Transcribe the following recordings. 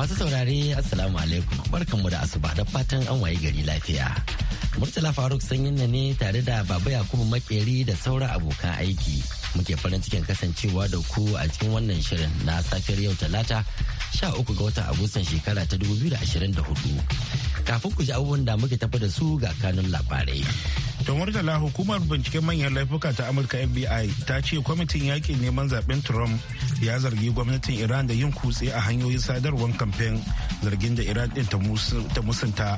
Masu saurare Assalamu alaikum barkanmu da asuba da fatan an waye gari lafiya. Murtala Faruk sanyin na ne tare da Baba Yakubu Makeri da sauran abokan aiki. Muke farin cikin kasancewa da ku a cikin wannan shirin na safiyar yau talata sha uku ga watan Agustan shekara ta 2024. Kafin ku ji abubuwan da muke tafi da su ga kanun labarai. don murtala hukumar binciken manyan laifuka ta amurka fbi ta ce kwamitin yakin neman zaben trump ya zargi gwamnatin iran da yin kutse a hanyoyin sadarwar kamfen zargin da iran din ta musanta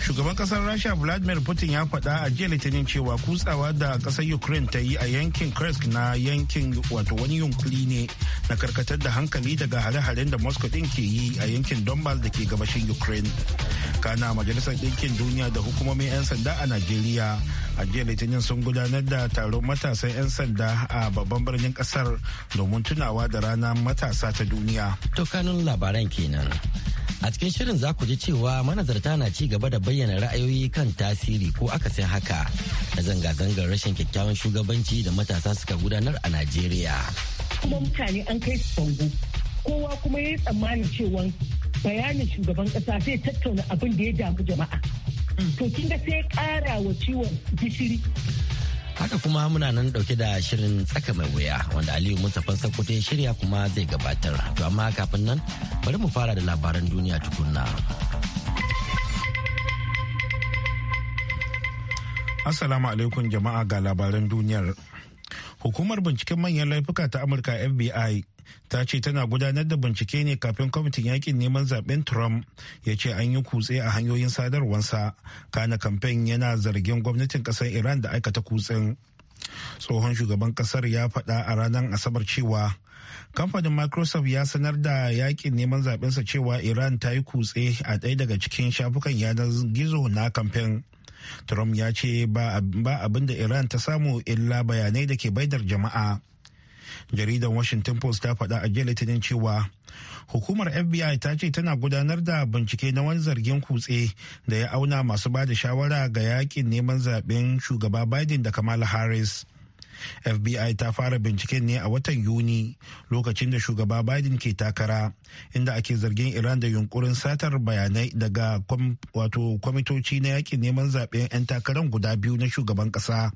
shugaban kasar rasha vladimir putin ya faɗa a jiya litinin cewa kutsawa da kasar ukraine ta yi a yankin kursk na yankin wato wani yunkuri ne na karkatar da hankali daga hare-haren da moscow din ke yi a yankin donbass da ke gabashin ukraine kana majalisar ɗinkin duniya da hukumomin 'yan sanda a najeriya a jiya litinin sun gudanar da taron matasan 'yan sanda a babban birnin kasar domin tunawa da ranar matasa ta duniya to kanun labaran kenan A cikin shirin za ku ji cewa manazarta na ci gaba da bayyana ra'ayoyi kan tasiri ko aka akasin haka na zanga-zangar rashin kyakkyawan shugabanci da matasa suka gudanar a Najeriya. Kuma mutane an kai su bango, kowa kuma ya yi tsammanin cewa bayanin shugaban kasa zai tattauna abin da ya damu jama'a. To kin ga sai ƙara wa ciwon gishiri haka kuma muna nan dauke da shirin tsaka mai wuya wanda aliyu mustapha sakkwato ya shirya kuma zai gabatar to amma kafin nan bari mu fara da labaran duniya tukunna assalamu alaikum jama'a ga labaran duniyar hukumar binciken manyan laifuka ta amurka fbi ta ce tana gudanar da bincike ne kafin kwamitin yakin neman zaben trump ya ce an yi kutse a hanyoyin sadarwarsa kana kamfen yana zargin gwamnatin kasar iran da aikata kutsen tsohon shugaban kasar ya faɗa a ranar asabar cewa kamfanin microsoft ya sanar da yakin neman zaɓensa cewa iran ta yi kutse a ɗaya daga cikin shafukan yanar gizo na kamfen trump ya ce ba abin da iran ta samu illa bayanai da ke baidar jama'a Jaridan washington post ta faɗa a jiya litinin cewa hukumar fbi ta ce tana gudanar da bincike na wani zargin kutse da ya auna masu ba da shawara ga yakin neman zaben shugaba biden da kamala harris fbi ta fara binciken ne a watan yuni lokacin da shugaba biden ke takara inda ake zargin iran da yunkurin satar bayanai daga wato kwamitoci na yakin neman zaben 'yan takarar guda biyu na shugaban kasa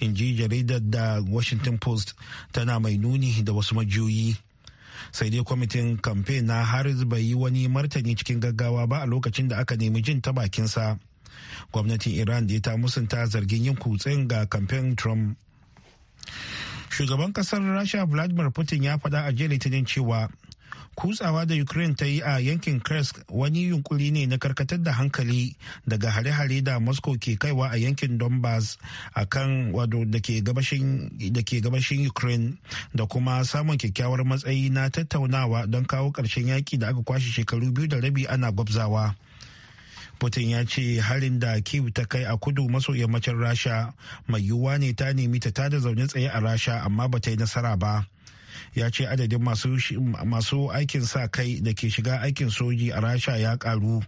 in ji jaridar da washington post tana mai nuni da wasu majiyoyi sai dai kwamitin kamfe na harris bai yi wani martani cikin gaggawa ba a lokacin da aka nemi jin ta bakinsa gwamnatin iran da ta musunta zargin yin kutsen ga kamfen trump shugaban kasar rasha vladimir putin ya faɗa a jiya litinin cewa kutsawa da ukraine ta yi a yankin kursk wani yunkuri ne na karkatar da hankali daga hare-hare da moscow ke kaiwa a yankin donbass a kan wado da ke gabashin ukraine da kuma samun kyakkyawar matsayi na tattaunawa don kawo ƙarshen yaki da aka kwashe shekaru biyu da rabi ana gwabzawa. putin ya ce harin da kiev ta kai a kudu maso yammacin rasha mai yiwuwa ne ta nemi ta tada zaune tsaye a rasha amma ba ta yi nasara ba ya ce adadin masu aikin sa kai da ke shiga aikin soji a rasha ya karu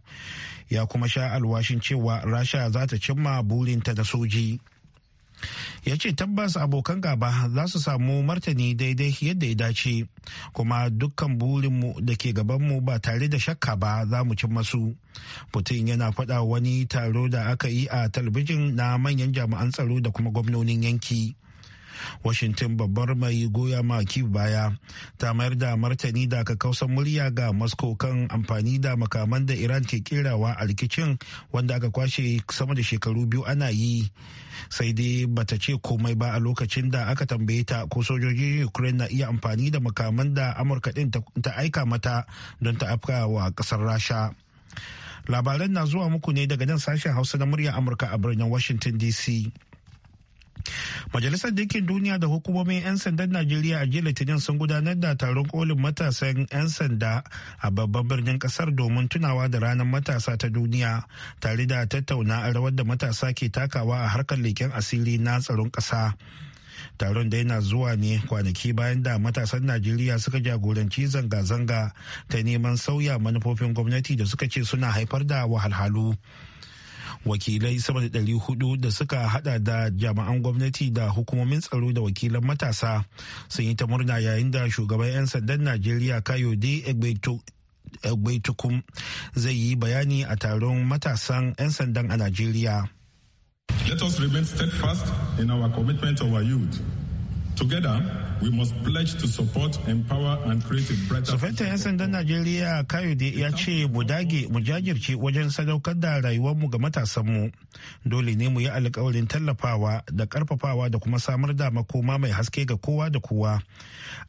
ya kuma sha alwashin cewa rasha za ta cimma burinta da soji. ya ce tabbas abokan gaba za su samu martani daidai yadda ya dace kuma dukkan burinmu da ke gabanmu ba tare da shakka ba za mu cin masu putin yana faɗa wani taro da aka yi a talbijin na manyan jami'an tsaro da kuma gwamnonin yanki washington babbar mai goya ma kiev baya ta mayar da martani da kakausan murya ga moscow kan amfani da makaman da iran ke kerawa a rikicin wanda aka kwashe sama da shekaru biyu ana yi sai dai bata ce komai ba a lokacin da aka tambaye ta ko sojojin ukraine na iya amfani da makaman da amurka din ta aika mata don ta afka wa kasar rasha labaran na zuwa muku ne daga nan sashen hausa na murya amurka a birnin washington dc Majalisar Dinkin Duniya da hukumomin 'yan sandan Najeriya a jiya Litinin sun gudanar da taron kolin matasan 'yan sanda a babban birnin kasar domin tunawa da ranar matasa ta duniya tare da tattauna a rawar da matasa ke takawa a harkar leken asiri na tsaron kasa. taron da yana zuwa ne kwanaki bayan da matasan najeriya suka jagoranci zanga-zanga ta neman sauya manufofin gwamnati da suka ce suna haifar da wahalhalu wakilai sama da ɗari hudu da suka hada da jami'an gwamnati da hukumomin tsaro da wakilan matasa sun yi ta murna yayin da shugaban 'yan sandan najeriya kayode egbetukum zai yi bayani a taron matasan 'yan sandan a najeriya Let us remain steadfast in our commitment to our youth Together, we must pledge to support, empower and create a brighter 'yan sandan Najeriya Kayode ya ce mu dage mu jajirce wajen sadaukar da rayuwarmu ga matasanmu. Dole ne mu yi alkawarin tallafawa da karfafawa da kuma samar da makoma mai haske ga kowa da kowa.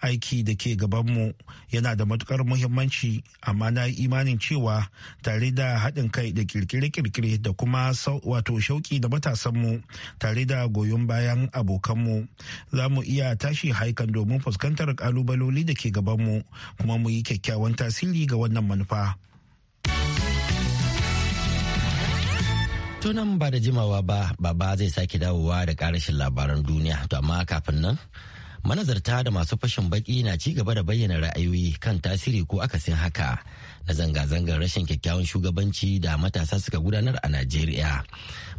Aiki da ke gabanmu yana da matukar muhimmanci amma na yi imanin cewa tare da haɗin kai da kirkire-kirkire da kuma wato shauki da matasanmu tare da goyon bayan abokanmu za mu iya iya tashi haikan domin fuskantar kalubaloli da ke gabanmu kuma mu yi kyakkyawan tasiri ga wannan manufa. Tunan ba da jimawa ba, baba zai sake dawowa da karashin labaran duniya, to amma kafin nan manazarta da masu fashin baki na ci gaba da bayyana ra'ayoyi kan tasiri ko akasin haka na zanga-zangar rashin kyakkyawan shugabanci da matasa suka gudanar a Najeriya.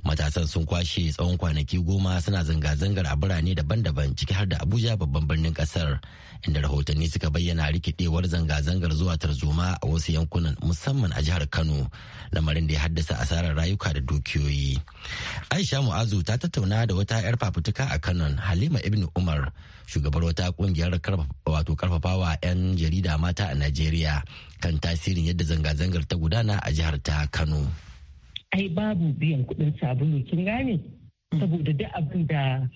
Matasan sun kwashe tsawon kwanaki goma suna zanga-zangar a birane daban-daban ciki har da Abuja babban birnin kasar inda rahotanni suka bayyana rikidewar zanga-zangar zuwa tarzoma a wasu yankunan musamman a jihar Kano lamarin da ya haddasa asarar rayuka da dukiyoyi. Aisha Mu'azu ta tattauna da wata 'yar fafutuka a Kano Halima Ibn Umar shugabar wata ƙungiyar wato karfafawa 'yan jarida mata a Najeriya kan tasirin yadda zanga-zangar ta gudana a jihar ta Kano. Ai babu biyan kuɗin sabulu kin gane? Mm. Saboda duk abin da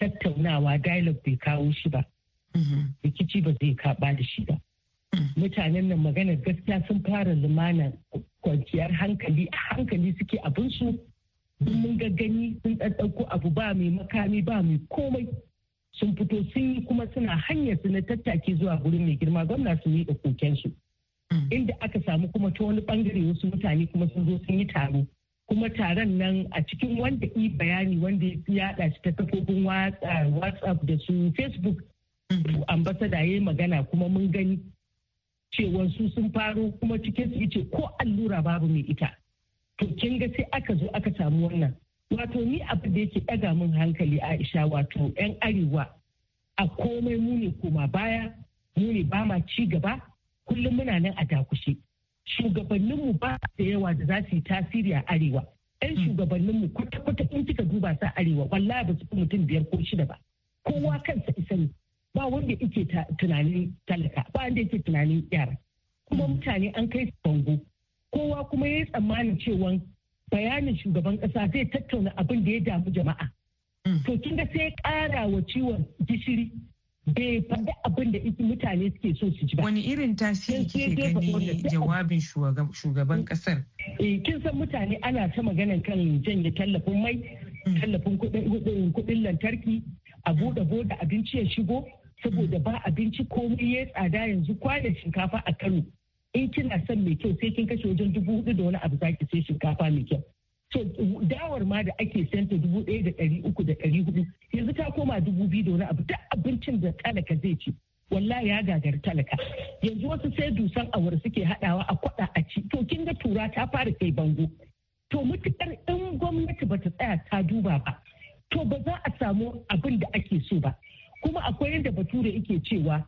tattaunawa dialogue bai kawo shi ba. Mm-hmm. Rikici ba zai kaɓa da shi ba. Mm. Mutanen nan magana gaskiya sun fara lumana kwanciyar hankali a hankali suke su Mun gaggani sun ɗaɗɗauko abu ba mai makami ba mai komai. sun fito sun yi kuma suna hanyar su na tattaki zuwa gurin mai girma gwamna su da kokensu Mm. inda aka samu kuma ta wani bangare wasu mutane kuma sun zo sun yi taro kuma taron nan a cikin wanda yi bayani wanda ya yada shi ta kafofin whatsapp da su facebook mm. ambasada ya magana kuma mun gani cewa su sun faro kuma cikin su ce ko allura babu mai ita to kin ga sai aka zo aka samu wannan wato ni abu da yake ɗaga min hankali aisha wato yan arewa a komai mu ne koma baya mu ne ba ma ci gaba kullum muna nan a dakushe shugabanninmu ba da yawa da za su yi tasiri a arewa yan hmm. shugabanninmu kwata-kwata in kika duba sa arewa wallahi ba su fi mutum biyar ko shida ba kowa kansa isa ne ba wanda yake tunanin talaka ba wanda yake tunanin yara kuma hmm. mutane an kai su bango kowa kuma ya yi tsammanin cewa bayanin shugaban kasa zai tattauna abin da ya damu jama'a hmm. to kin sai ya kara wa ciwon gishiri bai faɗi abin da isi mutane suke so su ji ba. Wani irin tasiri ke gani jawabin shugaban kasar? Eh, kin san mutane ana ta magana kan janye tallafin mai, hmm. tallafin kuɗin lantarki, a buɗe buɗe abinci ya shigo, saboda ba abinci komai ya tsada yanzu kwanan shinkafa a Kano. In kina son mai kyau sai kin kashe wajen dubu hudu da wani abu zaki sai shinkafa mai kyau. so dawar ma da ake santa dubu ɗaya da ɗari uku da ɗari hudu yanzu ta koma dubu biyu da wani abu duk abincin da talaka zai ci wallahi ya gagari talaka yanzu wasu sai dusan awar suke haɗawa a kwaɗa a ci to kin ga tura ta fara kai bango to mutukar in gwamnati ba ta tsaya ta duba ba to ba za a samu abin da ake so ba kuma akwai yadda bature yake cewa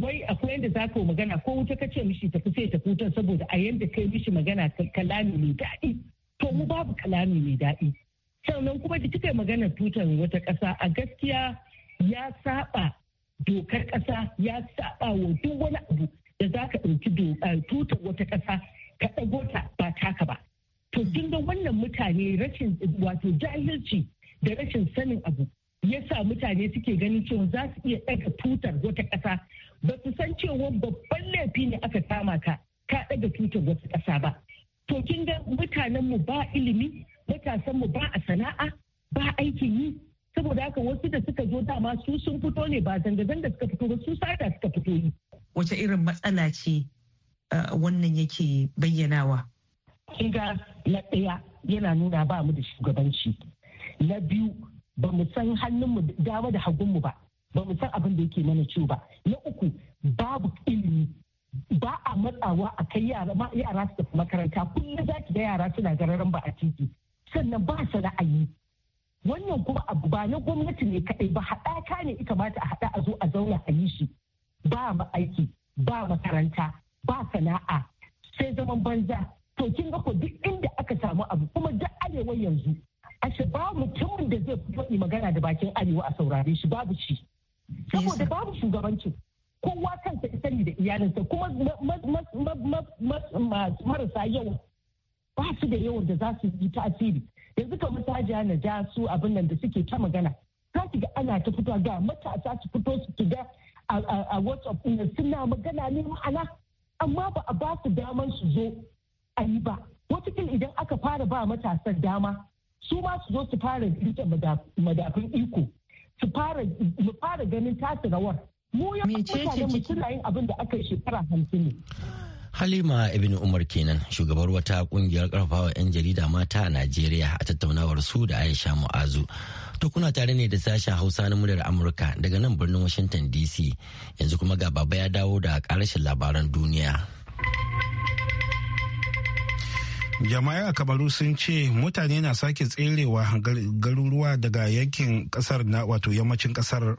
wai akwai yadda za ka magana ko wuta ka ce mishi tafi sai tafi wutar saboda a yadda kai mishi magana kalami mai daɗi to mu babu kalami mai daɗi sannan kuma da kika magana tutar wata ƙasa a gaskiya ya saba dokar ƙasa ya saba wa duk wani abu da za ka ɗauki tutar wata ƙasa ka ɗago ta ba taka ba to tun ga wannan mutane rashin wato jahilci da rashin sanin abu ya sa mutane suke ganin cewa za su iya ɗaga tutar wata ƙasa ba su san cewa babban laifi ne aka kama ka ka ɗaga tutar wata ƙasa ba to kin ga mutanen mu ba ilimi matasan mu ba a sana'a ba aikin yi saboda haka wasu da suka zo dama su sun fito ne ba zanga-zanga suka fito ba su sada suka fito yi wace irin matsala ce wannan yake bayyanawa kin ga na ɗaya yana nuna ba mu da shugabanci na biyu ba mu san hannun mu dama da hagunmu ba ba mu san abin da yake mana ciwo ba na uku babu ilimi ba a matsawa a kai yara ma yara su tafi makaranta kullum za ki ga yara suna gararan ba a titi sannan ba su ra'ayi wannan kuma abu ba na gwamnati ne kaɗai ba haɗaka ne ita kamata a haɗa a zo a zauna a yi shi ba ma aiki ba makaranta ba sana'a sai zaman banza to kin ga ko duk inda aka samu abu kuma duk arewa yanzu ashe ba mutumin da zai faɗi magana da bakin arewa a saurare shi babu shi saboda babu shugabanci kowa kansa ya sani da iyalinsa kuma marasa yawa ba su da yawan da za su yi tasiri yanzu kamar ta na ja su abin nan da suke ta magana za su ga ana ta fito ga matasa su fito su ga a whatsapp ɗin suna magana ne ma'ana amma ba a ba su daman su zo a yi ba wataƙil idan aka fara ba matasan dama su ma su zo su fara rike madafin iko su fara ganin tasirawar. rawar mu ya mutane mutum yin abin da aka yi shekara hamsin ne Halima Ibn Umar kenan shugabar wata kungiyar karfafa 'yan jarida mata a Najeriya a tattaunawar su da Aisha Mu'azu. To kuna tare ne da sashen Hausa na muryar Amurka daga nan birnin Washington DC yanzu kuma ga baba ya dawo da karashin labaran duniya. jama'a a kamaru sun ce mutane na sake tserewa garuruwa daga yankin kasar na wato yammacin kasar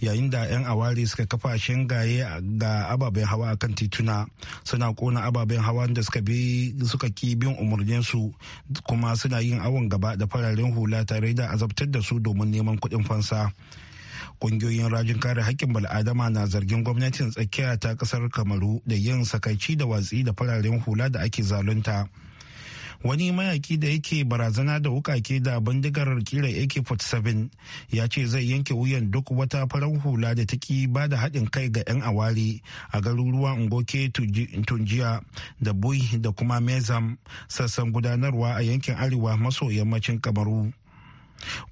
yayin da 'yan awari suka kafa shingaye ga ababen hawa akan tituna suna kona ababen hawa da suka bi suka ki bin umarninsu kuma suna yin awon gaba da fararen hula tare da azabtar da su domin neman kuɗin fansa kungiyoyin rajin kare hakkin bal'adama na zargin gwamnatin tsakiya ta kasar kamaru da yin sakaici da watsi da fararen hula da ake zalunta. wani mayaki da yake barazana da wukake da bindigar kira ak-47 ya ce zai yanke wuyan duk wata farar hula da ta ki ba da haɗin kai ga 'yan awari a garuruwan ngoke tunjiya da bui da kuma mezam sassan gudanarwa a yankin arewa maso yammacin kamaru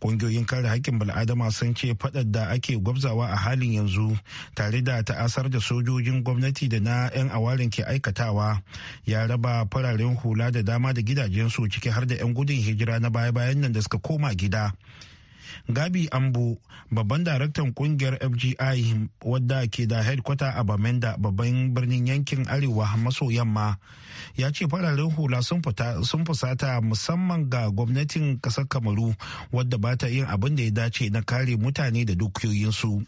Ƙungiyoyin kare haƙƙin bil'adama sun ce faɗar da ake gwabzawa a halin yanzu tare da ta'asar da sojojin gwamnati da na 'yan awarin ke aikatawa ya raba fararen hula da dama da gidajensu ciki har da 'yan gudun hijira na baya-bayan nan da suka koma gida. Gabi Ambo, babban daraktan kungiyar FGI wadda ke da headkwata a Bamenda babban birnin yankin Arewa maso yamma, ya ce fararen hula sun fusata musamman ga gwamnatin kasar Kamaru wadda ba ta yin abin da ya dace na kare mutane da dukiyoyinsu.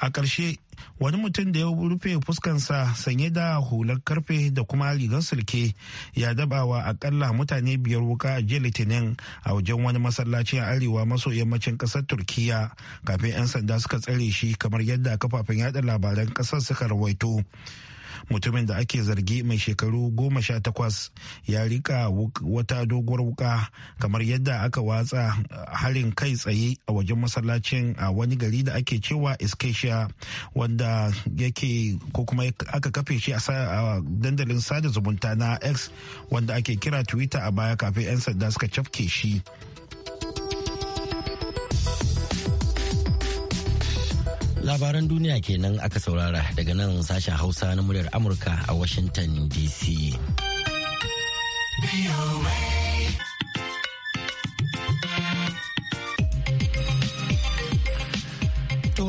a ƙarshe wani mutum da ya rufe fuskansa sanye da hular karfe da kuma rigar sulke ya dabawa akalla mutane biyar wuka a jiya litinin a wajen wani masallaci a arewa maso yammacin ƙasar turkiya kafin 'yan sanda suka tsare shi kamar yadda kafafen yada labaran ƙasar suka rawaito mutumin da ake zargi mai shekaru goma sha takwas ya rika wata doguwar wuka kamar yadda aka watsa harin kai tsaye a wajen masallacin a wani gari da ake cewa iskesha wanda yake ko kuma aka kafe shi a dandalin sada zumunta na x wanda ake kira twitter a baya kafin 'yan sanda suka cafke shi Labaran duniya kenan aka saurara daga nan sashen Hausa na muryar Amurka a Washington DC.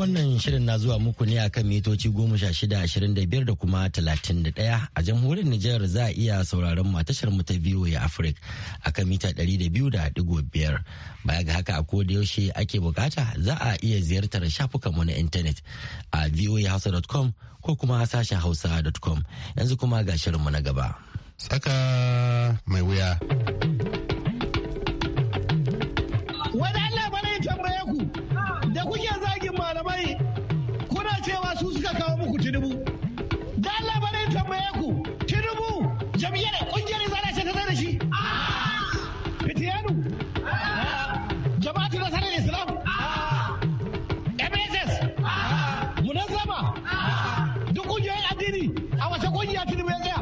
wannan shirin na zuwa muku ne akan mitoci goma sha shida ashirin da biyar da kuma talatin da ɗaya a jamhuriyar Nijar za a iya sauraron mu a tashar mu ta VOA Africa akan mita ɗari da biyu da ɗigo biyar. Baya ga haka a da yaushe ake bukata za a iya ziyartar shafukan mu na intanet a voahausa.com ko kuma sashen hausa.com yanzu kuma ga shirin mu na gaba. saka mai wuya. Wani Allah bane tambaye ku da kuke za Tinubu. Da labarin tambaye ku Tinubu jam'iyyar kungiyar zana ce ta da shi. Fitiyanu. Jama'atu na sanar Islam. MSS. Munazzama. Duk kungiyoyin addini a wace kungiya Tinubu ya tsaya.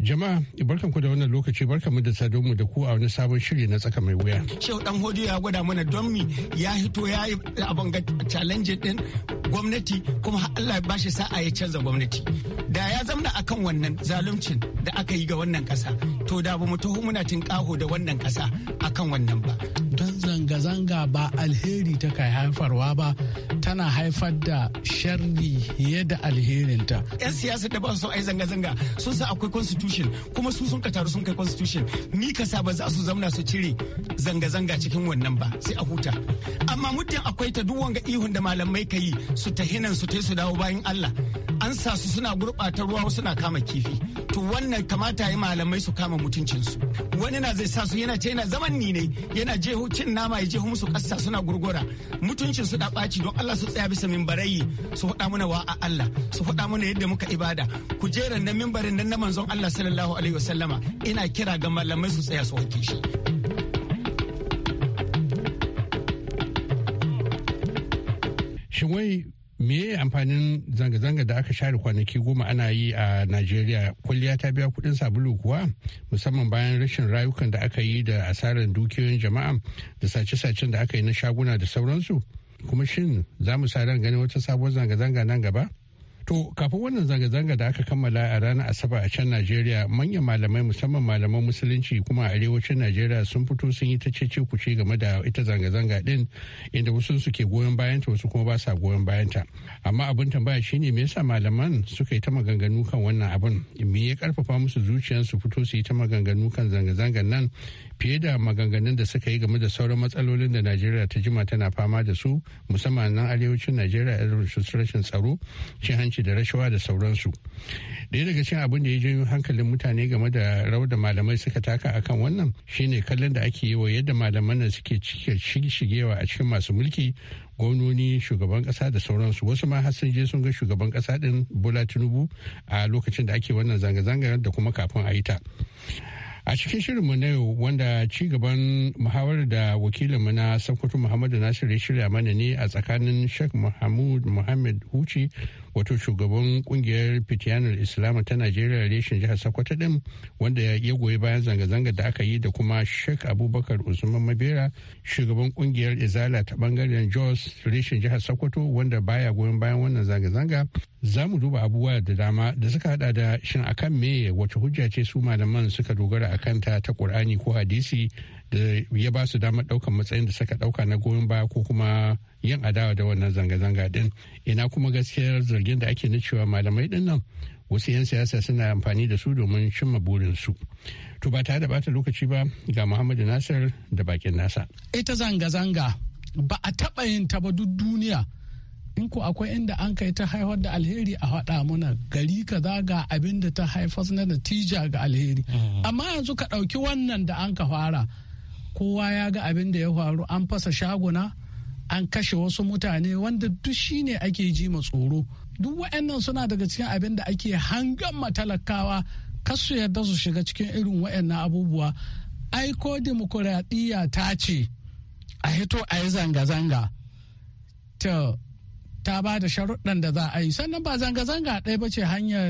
Jama'a barkan ku da wannan lokaci barka mu da sadon mu da ku a wani sabon shiri na tsaka mai wuya. Shehu dan Hodiyo ya gwada mana don mi ya hito ya yi abin ga challenge din gwamnati kuma Allah ya bashi sa'a ya canza gwamnati. Da ya zamna akan wannan zaluncin da aka yi ga wannan kasa to da ba mu taho muna tinkaho da wannan kasa akan wannan ba don zanga-zanga ba alheri ta kai haifarwa ba tana haifar da sharri da alherinta. 'Yan siyasa da ba su ai zanga-zanga sun sa akwai constitution kuma su sun taru sun kai constitution ni ka ba za su zauna su cire zanga-zanga cikin wannan ba sai a huta. Amma muddin akwai ta duk wanga ihun da malamai ka yi su ta su ta su dawo bayan Allah. An sa su suna gurɓata ruwa suna kama kifi. to wannan kamata ya malamai su kama mutuncinsu wani na zai sa su yana ce yana zaman ni ne yana jehu cin nama ya jehu musu kasa suna gurgura mutuncin su da ɓaci don Allah su tsaya bisa mimbarayi su faɗa mana wa a Allah su faɗa mana yadda muka ibada kujeran na mimbarin nan na manzon Allah sallallahu alaihi wasallama ina kira ga malamai su tsaya su wanke shi Shin wai me amfanin zanga-zanga da aka share kwanaki goma ana yi a najeriya kwalliya ta biya kudin sabulu kuwa musamman bayan rashin rayukan da aka yi da asarar dukiyoyin jama'a da sace-sacen da aka yi na shaguna da sauransu kuma shin za mu sa ran ganin wata sabuwar zanga-zanga nan gaba To kafin wannan zanga-zanga da aka kammala a ranar Asabar a can Najeriya manyan malamai musamman malaman musulunci kuma a arewacin Najeriya sun fito sun yi ta cece kuce game da ita zanga-zanga din inda wasu suke goyon bayanta wasu kuma ba sa goyon bayanta. Amma abin tambaya shine me yasa malaman suka yi ta maganganu kan wannan abin me ya karfafa musu zuciyar su fito su yi ta maganganu kan zanga-zangan nan fiye da maganganun da suka yi game da sauran matsalolin da najeriya ta jima tana fama da su musamman nan arewacin najeriya irin rashin tsaro cin hanci da rashawa da sauransu daya daga cikin abin da ya janyo hankalin mutane game da rawar da malamai suka taka akan wannan shine kallon da ake yi wa yadda malaman nan suke shigewa a cikin masu mulki gwamnoni shugaban kasa da sauransu wasu ma hasan sun je sun ga shugaban kasa din bola tinubu a lokacin da ake wannan zanga-zangar da kuma kafin a yi ta A cikin shirinmu na yau wanda ci gaban muhawar da wakilin wakilinmu na Sokoto Muhammadu Nasiru ya shirya mana ne a tsakanin Sheikh Muhammad Muhammad Huci wato shugaban kungiyar fitiyanar islamu ta najeriya reshen jihar sokoto din wanda ya goyi bayan zanga-zanga da aka yi da kuma sheikh abubakar usman mabera shugaban kungiyar izala ta bangaren jos reshen jihar sokoto wanda baya goyon bayan wannan zanga-zanga za mu duba abubuwa da dama da suka hada da shin akan me wace hujja ce su malaman suka dogara akan ta ta qur'ani ko hadisi da ya ba su damar ɗaukan matsayin da suka ɗauka na goyon baya ko kuma yin adawa da wannan zanga-zanga din ina kuma gaskiyar zargin da ake na cewa malamai dinnan nan wasu 'yan siyasa suna amfani da su domin cimma burinsu to ba tare da bata lokaci ba ga muhammadu nasir da bakin nasa ita zanga-zanga ba a taɓa yin ta ba duk duniya in ko akwai inda an kai ta haifar da alheri a haɗa mana gari kaza ga abin da ta haifar na natija ga alheri mm. amma yanzu ka ɗauki wannan da an ka fara kowa ya ga abin da ya faru an fasa shaguna an kashe wasu mutane wanda duk shine ake ji ma tsoro duk wa'annan suna daga cikin abin da ake hangan matalakawa kasu yarda su shiga cikin irin wa'annan abubuwa aiko dimokuraɗiyya ta ce a hito a yi zanga-zanga ta ta ba da sharuɗɗan da za a yi sannan ba zanga-zanga ɗaya ba ce hanyar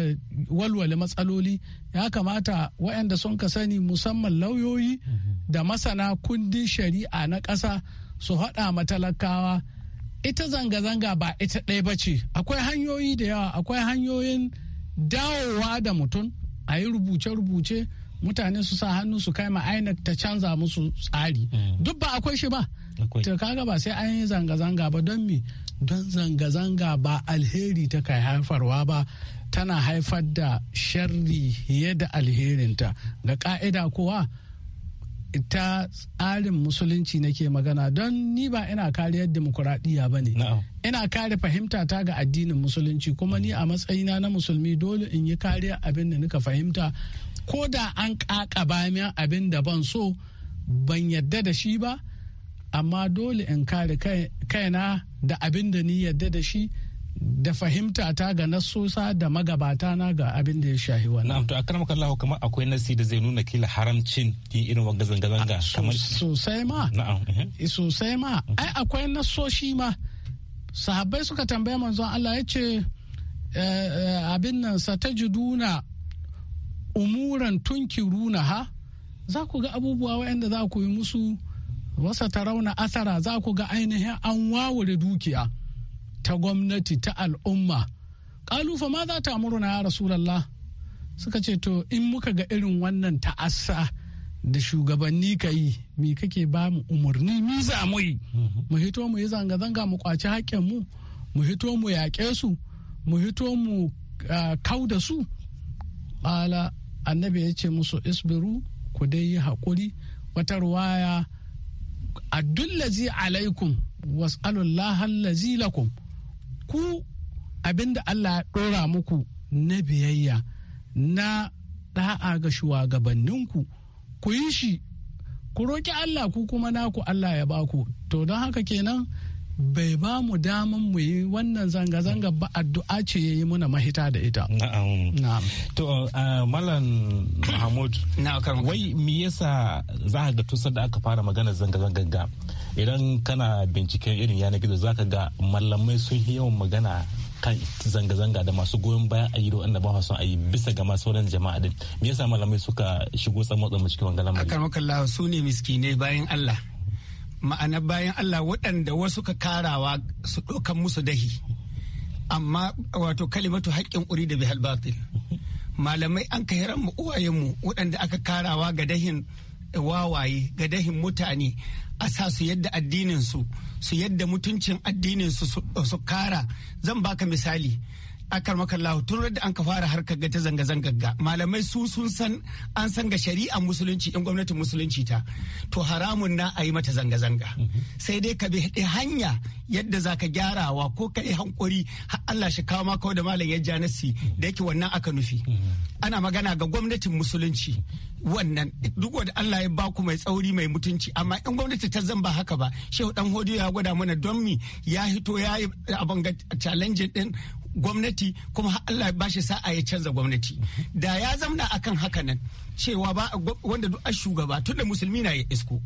walwale matsaloli ya kamata waɗanda sun ka sani musamman lauyoyi da masana kundin shari'a na ƙasa su haɗa matalakawa ita zanga-zanga ba ita ɗaya ba ce akwai hanyoyi da yawa akwai hanyoyin dawowa da mutum a yi rubuce-rubuce mutane su sa hannu su kai ma inec ta canza musu tsari mm. duk ba akwai shi ba to kaga ba sai an yi zanga-zanga ba don me don zanga-zanga ba alheri ta kai haifarwa ba tana haifar da sharri yadda alherinta ga ka'ida kowa ta tsarin musulunci nake magana don ni ba ina kariyar demokuraɗiyya ba ne ina kare fahimta ta ga addinin musulunci kuma ni a matsayina na musulmi dole in yi kariya abin da nika fahimta ko da an ƙaƙa bayan abin da ban so ban yadda da shi ba amma dole in kare kaina da abin da ni yadda da shi da fahimta ta ga nasusa da magabata na ga abin da ya shahi wannan. Na'am to a karamar kallahu kamar akwai nasi da zai nuna kila haramcin yin irin wanga zanga-zanga. Ah, sosai ma. Na'am. Eh. Eh, sosai ma. Mm-hmm. Ai akwai nasoshi ma. Sahabbai suka tambaye manzo Allah ya ce eh, abin nan sa ta juduna umuran tunki runa ha za ku ga abubuwa waɗanda za ku yi musu wasa ta rauna asara za ku ga ainihin an wawure dukiya ta gwamnati ta al'umma kalufa ma za ta murna ya rasulallah suka ce to in muka ga irin wannan ta'assa da shugabanni ka yi me kake ba mu umarni mi za mu yi mhm. mu hito mu yi zanga-zanga mu kwaci haƙƙin mu mu hito mu yaƙe su mu hito mu kau da su bala annabi ya ce musu isbiru ku dai yi haƙuri wata ruwaya addullazi alaikum was'alullah lakum ku abinda Allah ya ɗora muku na biyayya na ɗa'a ga shugabanninku ku yi shi ku roƙi Allah ku kuma naku Allah ya baku to don haka kenan bai ba mu daman mu yi wannan zanga-zanga ba addu'a ce ya yi muna mahita da ita. Na'am. To uh, Malam Mahmud. Wai me yasa za ka ga tusar da aka fara magana zanga-zanga ga idan kana binciken irin yanar gizo za ka ga malamai sun yi yawan magana kan zanga-zanga da masu goyon bayan ayi da wanda ba su yi bisa ga masu sauran jama'a din me yasa malamai suka shigo tsammo tsammo cikin wannan lamarin akan su ne miskinai bayan Allah ma'ana bayan Allah waɗanda wasu ka karawa su ɗaukan musu dahi amma wato kalimatu haƙƙin uri da bihal batil malamai an ka mu uwayenmu waɗanda aka karawa ga dahin wawaye ga dahin mutane a sa su yadda addininsu su yadda mutuncin addininsu su kara zan baka misali akar makallahu tun da an ka fara harkar ga ta zanga-zangar ga malamai su sun san an san ga shari'a musulunci in gwamnatin musulunci ta to haramun na a yi mata zanga-zanga sai dai ka bi hanya yadda za ka gyarawa ko ka yi hankuri Allah shi kawo maka da malam ya janasi da yake wannan aka nufi ana magana ga gwamnatin musulunci wannan duk wanda Allah ya baku mai tsauri mai mutunci amma in gwamnati ta zan ba haka ba shehu dan hodiyo ya gwada mana don mi ya hito ya yi abin ga challenge din gwamnati kuma Allah ba shi sa'a ya canza gwamnati da ya zamna akan haka nan cewa ba wanda duk shugaba tunda musulmi na ya isko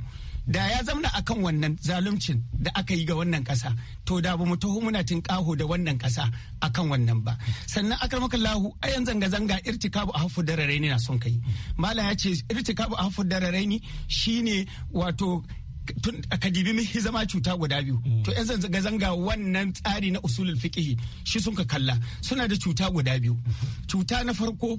da ya zamna akan wannan zaluncin da aka yi ga wannan kasa to da ba mu taho muna kaho da wannan kasa akan wannan ba sannan akramakallahu ayan zanga zanga irtikabu ahfu dararaini na son kai mala ya ce irtikabu ahfu dararaini shine wato tun aka dibi mihi zama cuta guda biyu hmm. to yan zanga zanga wannan tsari na usulul fiqhi shi sun ka kalla suna da cuta guda biyu cuta na farko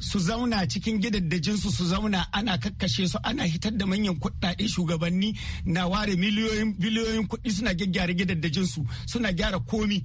su zauna cikin gidaddajinsu su zauna ana kakkashe su ana hitar da manyan kuɗaɗe shugabanni na ware miliyoyin biliyoyin kuɗi suna gyaggyara su suna gyara komi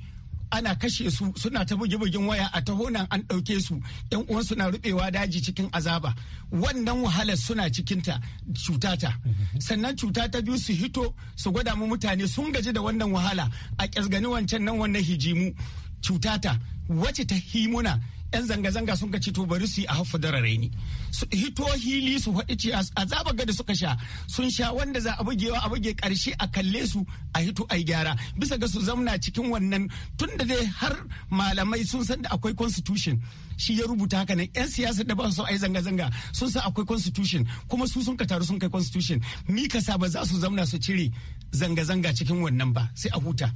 ana kashe su suna ta bugi bugin waya a taho nan an ɗauke su yan uwan na rubewa daji cikin azaba wannan wahalar suna cikinta cutata sannan cuta ta biyu su hito su gwada mu mutane sun gaji da wannan wahala a ƙyasgani wancan nan wannan hijimu cutata wacce ta himuna 'yan zanga-zanga sun ci to bari su yi a hafu da raini su hito hili su faɗi ce azaba gada suka sha sun sha wanda za a bugewa a buge karshe a kalle su a hito a gyara bisa ga su zamna cikin wannan tunda dai har malamai sun san da akwai constitution shi ya rubuta haka ne yan siyasa da ba su ai zanga-zanga sun sa akwai constitution kuma su sun ka taru sun kai constitution mi ka sa ba za su zauna su cire zanga-zanga cikin wannan ba sai a huta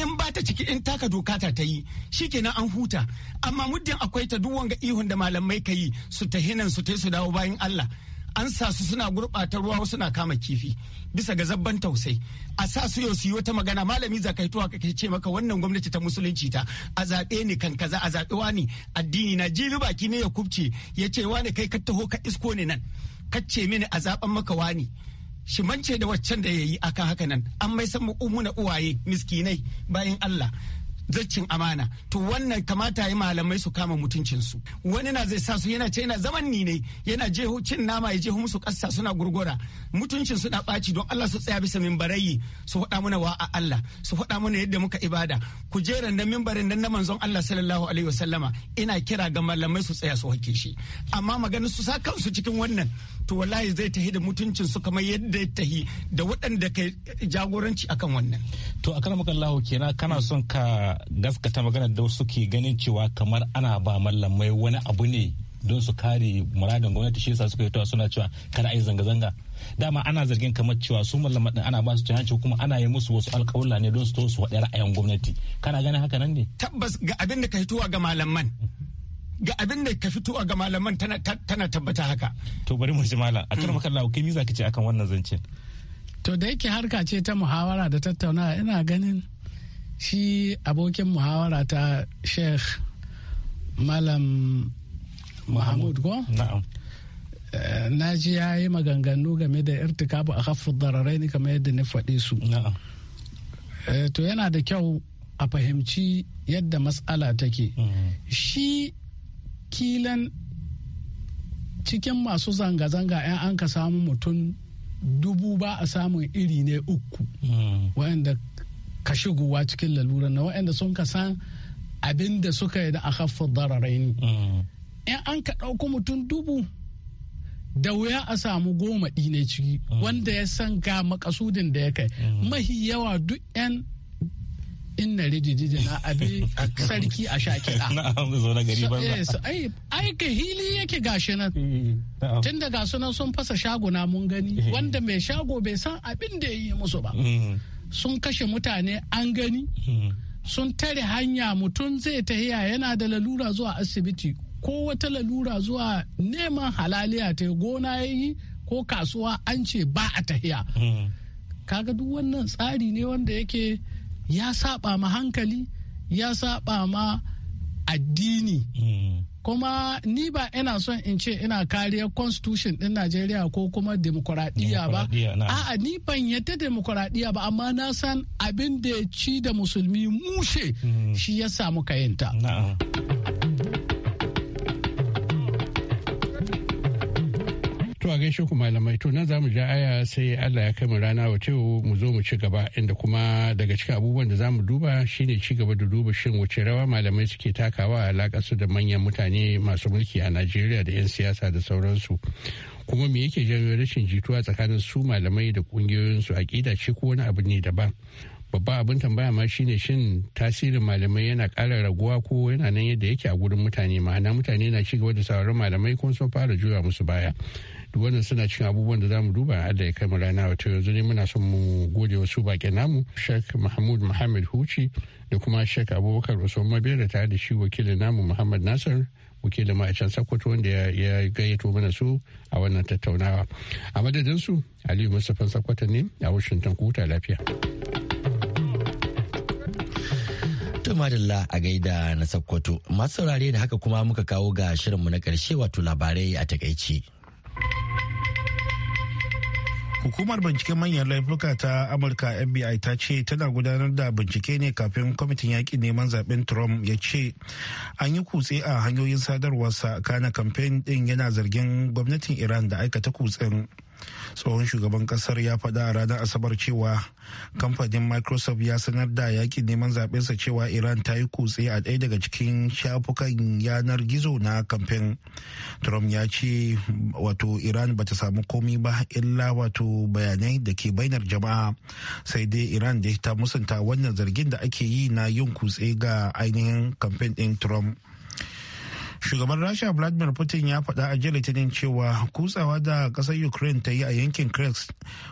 in ba ta ciki in taka doka ta ta yi shikenan an huta amma muddin akwai ta duk wanga ihun da malamai ka yi su ta hinan su ta su dawo bayan Allah an sa su suna gurɓata ruwa wasu na kama kifi bisa ga zabban tausai a sa su yau su yi wata magana malami zakaituwa kake ce maka wannan gwamnati ta musulunci ta a zaɓe ni kan kaza a zaɓe wani addini na jibi baki ne ya kubce ya ce wani kai ka taho ka isko ne nan kacce mini a zaɓen maka wani shi mance da waccan da ya yi akan haka nan an mai san mu uwaye miskinai bayan Allah zaccin amana to wannan kamata yi malamai su kama mutuncinsu wani na zai sa su yana ce yana zaman ni ne yana je cin nama ya jehu musu kasa suna gurgura mutuncin suna na ɓaci don Allah su tsaya bisa mimbarayi su faɗa mana wa a Allah su faɗa mana yadda muka ibada ku je randan mimbarin nan na manzon Allah sallallahu alaihi wasallama ina kira ga malamai su tsaya su hake shi amma maganar su sa kansu cikin wannan to wallahi zai tahi da mutuncin su kamar yadda ya tahi da waɗanda ka jagoranci akan wannan to a karamakan kenan kana son ka gaskata magana da suke ganin cewa kamar ana ba mallamai wani abu ne don su kare muradin gwamnati shi yasa suka yi suna cewa kada a yi zanga-zanga dama ana zargin kamar cewa su mallaman din ana ba su hanci kuma ana yi musu wasu alƙawula ne don su to su waɗe ra'ayin gwamnati kana ganin haka nan ne tabbas ga abin da ka fitowa ga malaman ga abin da ka fitowa ga malaman tana tabbata haka to bari mu ji mala a kar makallawa kai miza ce akan wannan zancen to da yake harka ce ta muhawara da tattaunawa ina ganin shi abokin muhawara ta sheikh malam muhammad ko eh, na ji ya yi maganganu game da irtikabu a hafin dararai ne kamar yadda na faɗe su eh, to yana da kyau a fahimci yadda matsala take mm. shi kilan cikin masu zanga-zanga 'yan an ka samu mutum dubu ba a samun iri ne uku mm. wayanda ka shigowa cikin laluran na waɗanda sun ka san abin da suka yi da aka ni mm. in an ka ɗauko mutum dubu da wuya a samu goma ɗine ciki mm. wanda ya san ga makasudin da ya kai mm. mahi yawa duk 'yan na rijijiji na abi sarki a sha kiɗa. zo na gari Ai ka hili yake gashi nan. Tun da gasu nan sun fasa shago na mun gani wanda mai shago bai san abin da ya yi musu ba. sun kashe mutane an gani hmm. sun tare hanya mutum zai tahiya yana da lalura zuwa asibiti ko wata lalura zuwa neman halaliya ta gona ya yi ko kasuwa an ce ba a tahiya hmm. kaga duk wannan tsari ne wanda yake ya saba ma hankali ya saba ma addini hmm. kuma ni ba ina son in ce ina kariya constitution din Najeriya ko kuma demokuraɗiyya ba a'a ni ban yadda demokuraɗiyya ba amma na san abin da ya ci da musulmi mushe hmm. shi ya samu kayanta. To a gaishe ku malamai to nan zamu ja aya sai Allah ya kai mu rana wace yau mu zo mu ci gaba inda kuma daga cikin abubuwan da zamu duba shine ci gaba da duba shin wace rawa malamai suke takawa a alakar su da manyan mutane masu mulki a Najeriya da 'yan siyasa da sauransu. Kuma me yake janyo rashin jituwa tsakanin su malamai da kungiyoyin su aƙida ce ko wani abu ne daban. babba abin tambaya ma shine shin tasirin malamai yana ƙara raguwa ko yana nan yadda yake a gurin mutane ma'ana mutane na ci gaba da sauraron malamai kuma sun fara juya musu baya. duk wannan suna cikin abubuwan da zamu duba a da ya kai mu rana wato yanzu ne muna son mu gode wasu baƙi namu shek Mahmud Muhammad Huci da kuma shek Abubakar Usman Mabera tare da shi wakilin namu Muhammad Nasir wakilin ma'aikatan sakkwato wanda ya gayyato mana su a wannan tattaunawa a madadin su Aliyu Mustapha sakkwato ne a Washington kuta lafiya. To madalla a gaida na sakkwato masu saurare da haka kuma muka kawo ga shirinmu na karshe wato labarai a takaici. Hukumar binciken manyan laifuka ta Amurka FBI ta ce tana gudanar da bincike ne kafin kwamitin yaƙi neman zaben Trump ya ce an yi kutse a hanyoyin sadarwarsa kana kamfen ɗin yana zargin gwamnatin Iran da aikata kutsen. tsohon shugaban kasar ya faɗa a ranar asabar cewa kamfanin microsoft ya sanar da yakin neman zaɓensa cewa iran ta yi kutse a ɗaya daga cikin shafukan yanar gizo na kamfen trump ya ce wato iran bata samu komi ba illa wato bayanai da ke bainar jama'a sai dai iran da ta musanta wannan zargin da ake yi na yin kutse ga ainihin kamfen ɗin trump shugaban rasha vladimir putin ya faɗa a jiya litinin cewa kutsawa da ƙasar ukraine ta yi a yankin krex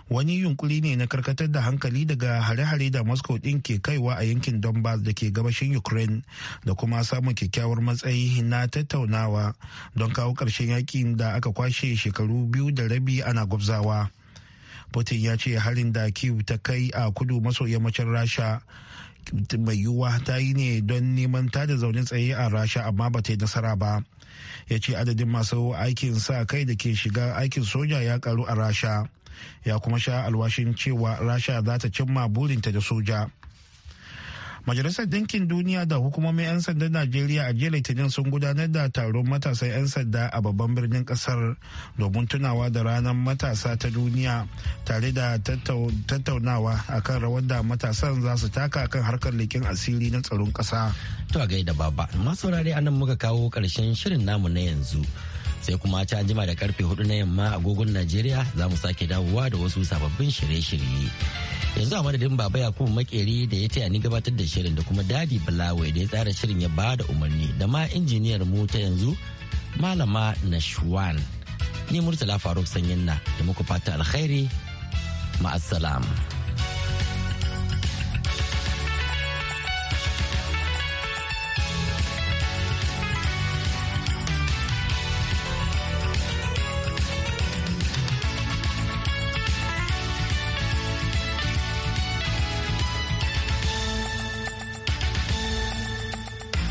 wani yunkuri ne na karkatar da hankali daga hare-hare da moscow ɗin ke kaiwa a yankin donbass da ke gabashin ukraine da kuma samun kyakkyawar matsayi na tattaunawa don kawo ƙarshen yakin da aka kwashe shekaru biyu da rabi ana gwabzawa putin ya ce harin da kiev ta kai a kudu maso yammacin rasha mai yiwuwa ta yi ne don neman ta da zaune tsaye a rasha amma ba ta yi nasara ba ya ce adadin masu aikin sa kai da ke shiga aikin soja ya karu a rasha ya kuma sha alwashin cewa rasha za ta cimma burinta da soja Majalisar Dinkin Duniya da hukumomin 'yan sandan Najeriya a jiya Litinin sun gudanar da taron matasan 'yan sanda a babban birnin kasar domin tunawa da ranar matasa ta duniya tare da tattaunawa akan rawar da matasan za su taka kan harkar likin asiri na tsaron ƙasa. To a gaida baba, masu rare anan muka kawo ƙarshen shirin namu na yanzu. sai kuma ta jima da karfe hudu na yamma agogon Najeriya za mu sake dawowa da wasu sababbin shirye-shirye. Yanzu a madadin Baba Yakubu Makeri da ya taya ni gabatar da shirin da kuma Dadi Bulawe da ya tsara shirin ya bada umarni da ma injiniyar mu ta yanzu Malama Nashwan. Ni Murtala Faruk Sanyin na da muku fata alkhairi ma'assalam.